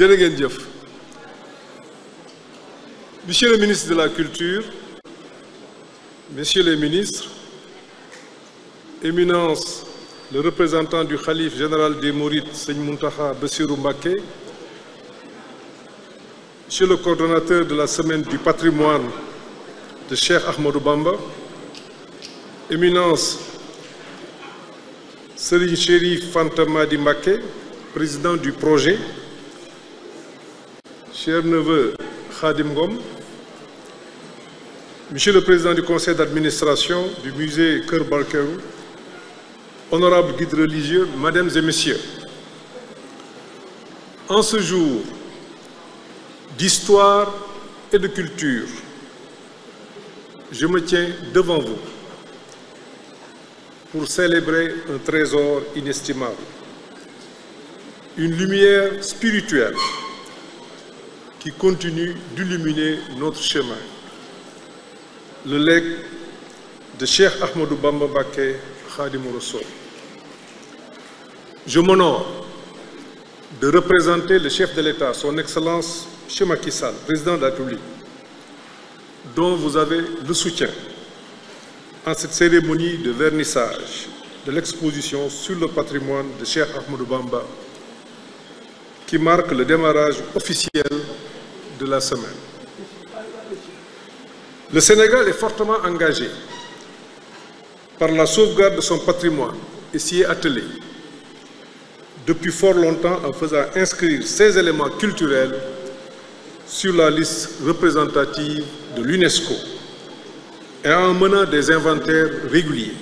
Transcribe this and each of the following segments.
jërë ngeen monsieur le ministre de la culture messieurs les ministres éminence le représentant du khalife général des mourides Serigne Mountakha Bassirou Mbacké monsieur le coordonnateur de la semaine du patrimoine de Cheikh Ahmadou Bamba éminence Serigne Chérif Fanta Madi Mbacké président du projet Cher neveu Khadim Monsieur le Président du Conseil d'administration du musée Kër Balkerou, honorables guides religieux, Mesdames et Messieurs, en ce jour d'histoire et de culture, je me tiens devant vous pour célébrer un trésor inestimable, une lumière spirituelle qui continue d'illuminer notre chemin. Le legs de Cheikh Ahmadou Bamba Baké Khadim Rassoul. Je m'honore de représenter le chef de l'État, son Excellence Cheikh Macky Sall, président de la République, dont vous avez le soutien en cette cérémonie de vernissage de l'exposition sur le patrimoine de Cheikh Ahmadou Bamba qui marque le démarrage officiel la semaine. Le Sénégal est fortement engagé par la sauvegarde de son patrimoine et s'y est attelé depuis fort longtemps en faisant inscrire ces éléments culturels sur la liste représentative de l'UNESCO et en menant des inventaires réguliers.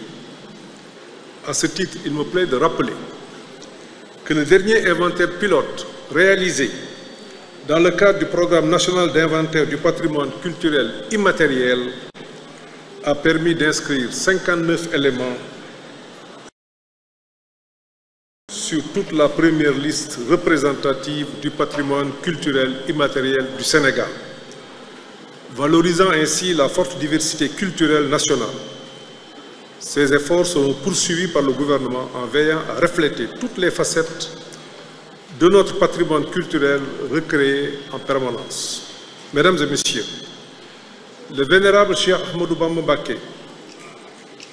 À ce titre, il me plaît de rappeler que le dernier inventaire pilote réalisé dans le cadre du programme national d'inventaire du patrimoine culturel immatériel, a permis d'inscrire 59 éléments sur toute la première liste représentative du patrimoine culturel immatériel du Sénégal, valorisant ainsi la forte diversité culturelle nationale. Ces efforts seront poursuivis par le gouvernement en veillant à refléter toutes les facettes de notre patrimoine culturel recréé en permanence. Mesdames et messieurs, le vénérable Cheikh Ahmadou Bamba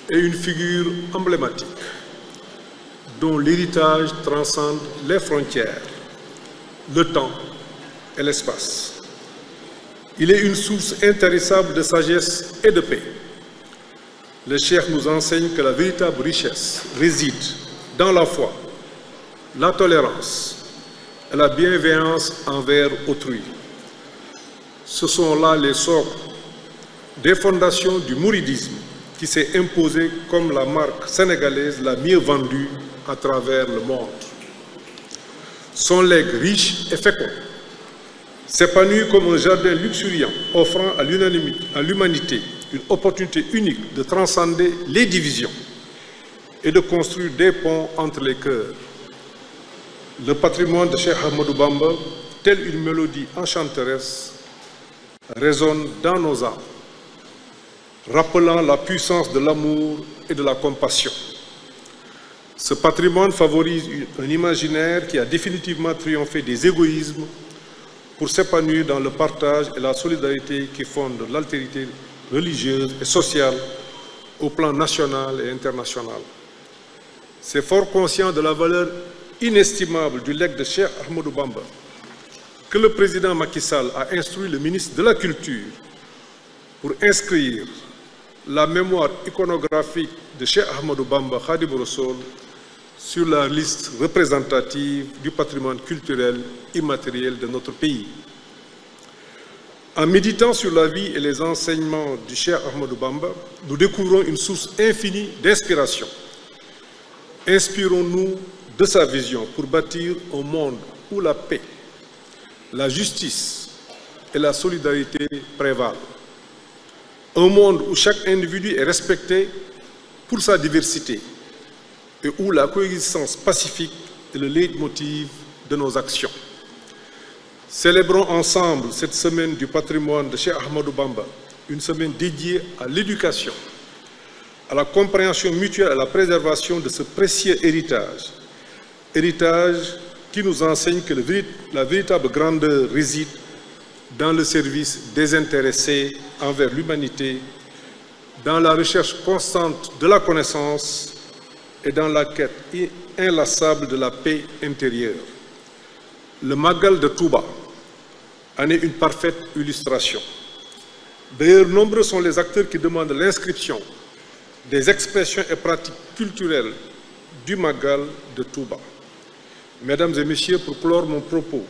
est une figure emblématique dont l'héritage transcende les frontières, le temps et l'espace. Il est une source intéressable de sagesse et de paix. Le Cheikh nous enseigne que la véritable richesse réside dans la foi, la tolérance, et la bienveillance envers autrui. Ce sont là les socles des fondations du mouridisme qui s'est imposé comme la marque sénégalaise la mieux vendue à travers le monde. Son legs riche et fécond s'épanouit comme un jardin luxuriant offrant à l'humanité une opportunité unique de transcender les divisions et de construire des ponts entre les cœurs. Le patrimoine de Cheikh Ahmadou Bamba, telle une mélodie enchanteresse, résonne dans nos âmes, rappelant la puissance de l'amour et de la compassion. Ce patrimoine favorise un imaginaire qui a définitivement triomphé des égoïsmes pour s'épanouir dans le partage et la solidarité qui fondent l'altérité religieuse et sociale au plan national et international. C'est fort conscient de la valeur inestimable du legs de Cheikh Ahmadou Bamba que le président Macky Sall a instruit le ministre de la Culture pour inscrire la mémoire iconographique de Cheikh Ahmadou Bamba Khadimou Rassoul sur la liste représentative du patrimoine culturel immatériel de notre pays. En méditant sur la vie et les enseignements du Cheikh Ahmadou Bamba, nous découvrons une source infinie d'inspiration. Inspirons-nous de sa vision pour bâtir un monde où la paix, la justice et la solidarité prévalent. Un monde où chaque individu est respecté pour sa diversité et où la coexistence pacifique est le leitmotiv de nos actions. Célébrons ensemble cette semaine du patrimoine de Cheikh Ahmadou Bamba, une semaine dédiée à l'éducation, à la compréhension mutuelle et à la préservation de ce précieux héritage héritage qui nous enseigne que le, la véritable grandeur réside dans le service désintéressé envers l'humanité, dans la recherche constante de la connaissance et dans la quête inlassable de la paix intérieure. Le Magal de Touba en est une parfaite illustration. D'ailleurs, nombreux sont les acteurs qui demandent l'inscription des expressions et pratiques culturelles du Magal de tout Touba. Mesdames et Messieurs, pour clore mon propos,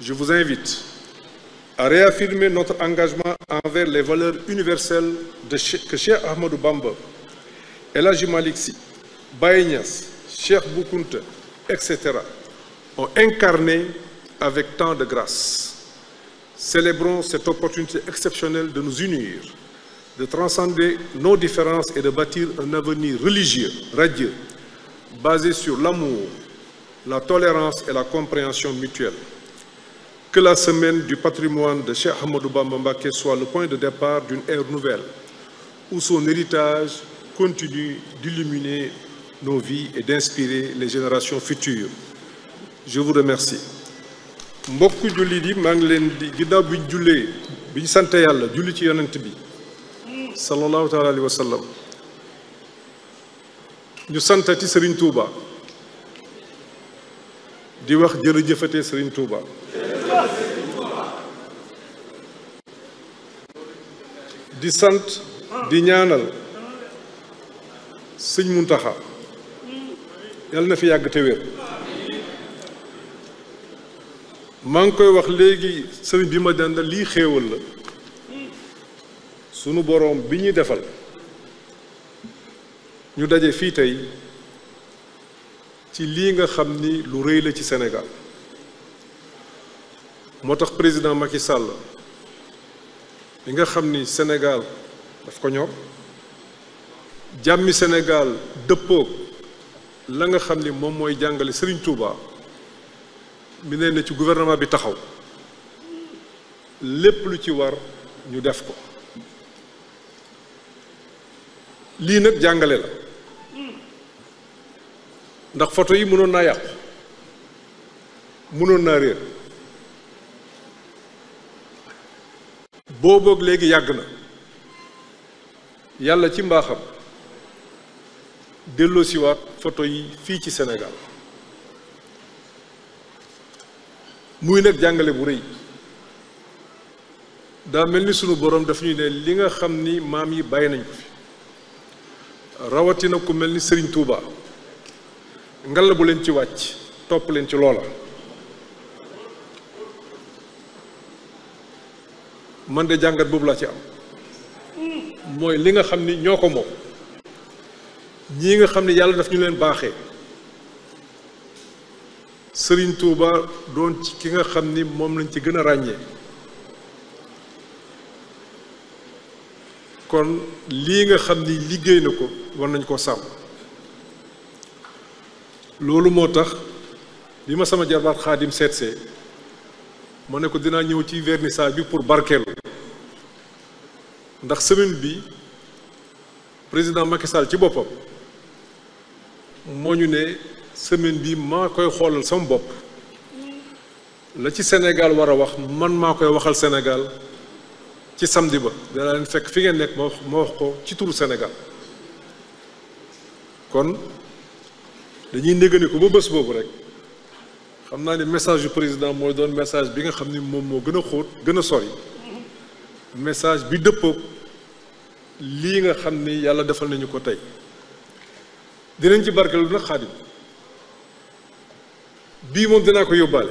je vous invite à réaffirmer notre engagement envers les valeurs universelles de Cheikh, que Cheikh Ahmadou Bamba, El Hadji Malick Sy, Baye Niass, Cheikh Bou Kounta, etc. ont incarné avec tant de grâce. Célébrons cette opportunité exceptionnelle de nous unir, de transcender nos différences et de bâtir un avenir religieux, radieux, basé sur l'amour la tolérance et la compréhension mutuelle. Que la semaine du patrimoine de Cheikh Ahmadou Bamba Mbacké soit le point de départ d'une ère nouvelle où son héritage continue d'illuminer nos vies et d'inspirer les générations futures. Je vous remercie. mbokku jullit yi maa ngi leen di ginnaaw bi ñu jullee bi ñu sant yàlla julli ci yonent bi sallallahu taala alayhi wa Serigne Touba. di wax jërëjëfate sëriñ Touba. di sant di ñaanal sëñ taxa yàlla na fi yàgg te wér maa ngi koy wax léegi sëriñ bi ma danda lii xéewal la sunu boroom bi ñuy defal ñu daje fii tey ci lii nga xam ni lu rëy la ci Sénégal moo tax président Macky sàll li nga xam ni Sénégal daf ko ñor jàmmi Sénégal dëppoog la nga xam ni moom mooy jàngale sëriñ Touba mi ne na ci gouvernement bi taxaw lépp lu ci war ñu def ko lii nag jàngale la ndax foto yi mënoon naa yàqu mënoon naa réer booboog léegi yàgg na yàlla ci mbaaxam delloosiwaat foto yi fii ci senegaal muy nekk jàngale bu rëy daa mel ni sunu boroom daf ñu ne li nga xam ni maam yi bàyyi nañ ko fi rawatina ku mel ni Serigne tuubaa ngalla bu leen ci wàcc topp leen ci loola man de jàngat boobu laa ci am mooy li nga xam ni ñoo ko moom ñii nga xam ni yàlla daf ñu leen baaxee Sëriñ Tuuba doon ci ki nga xam ni moom lañ ci gën a ràññee kon lii nga xam ni liggéey na ko war nañ koo sàmm loolu moo tax bi ma sama jarbaat xaadim seetsee ma ne ko dinaa ñëw ci vernissage bi pour barkeelu ndax semaine bi président Macky Sall ci boppam moo ñu ne semaine bi maa koy xoolal sama bopp la ci Sénégal war a wax man maa koy waxal senegal ci samdi ba danaa leen fekk fi ngeen nekk ma wax ma wax ko ci turu senegal kon dañuy néggandiku ba bës boobu rek xam naa ni message yu président mooy doon message bi nga xam ni moom moo gën a xóot gën a sori message bi dëppoog lii nga xam ni yàlla defal nañu ko tey dinañ ci barkeelu nag xaadim bii moom dinaa ko yóbbaale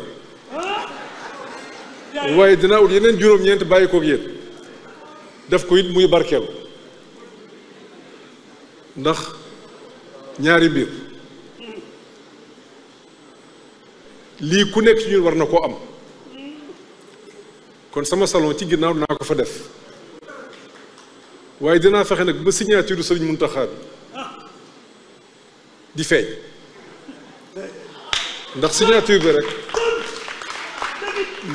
waaye dinaa ut yeneen juróom-ñeent bàyyi koog yéen def ko it muy barkeelu ndax ñaari mbir lii ku nekk ci ñun war na koo am kon sama salon ci ginnaaw naa ko fa def waaye dinaa fexe nag ba signature du Sëriñ Muntaxa bi di feeñ ndax signature bi rek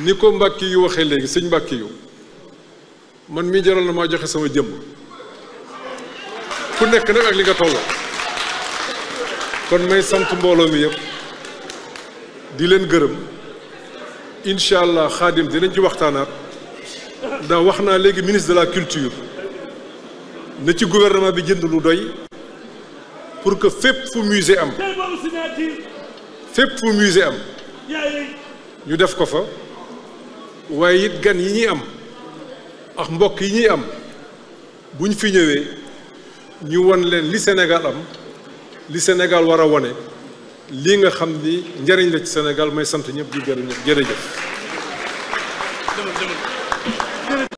ni ko mbàkki yu waxee léegi sëñ mbàkki yu man mi jaral na maa joxe sama jëmm ku nekk nag ak li nga toll kon may sant mbooloo mi yëpp di leen gërëm incha allah xaadim dinañ ci waxtaanaat ndax wax naa léegi ministre de la culture na ci gouvernement bi jënd lu doy pour que fépp fu musée am fépp fu am ñu def ko fa waaye it gan yi ñuy am ak mbokk yi ñuy am buñ fi ñëwee ñu won leen li Sénégal am li Sénégal war a wone lii nga xam ni njëriñ la ci Sénégal may sant ñëpp di gërëm ñëpp jërëjëf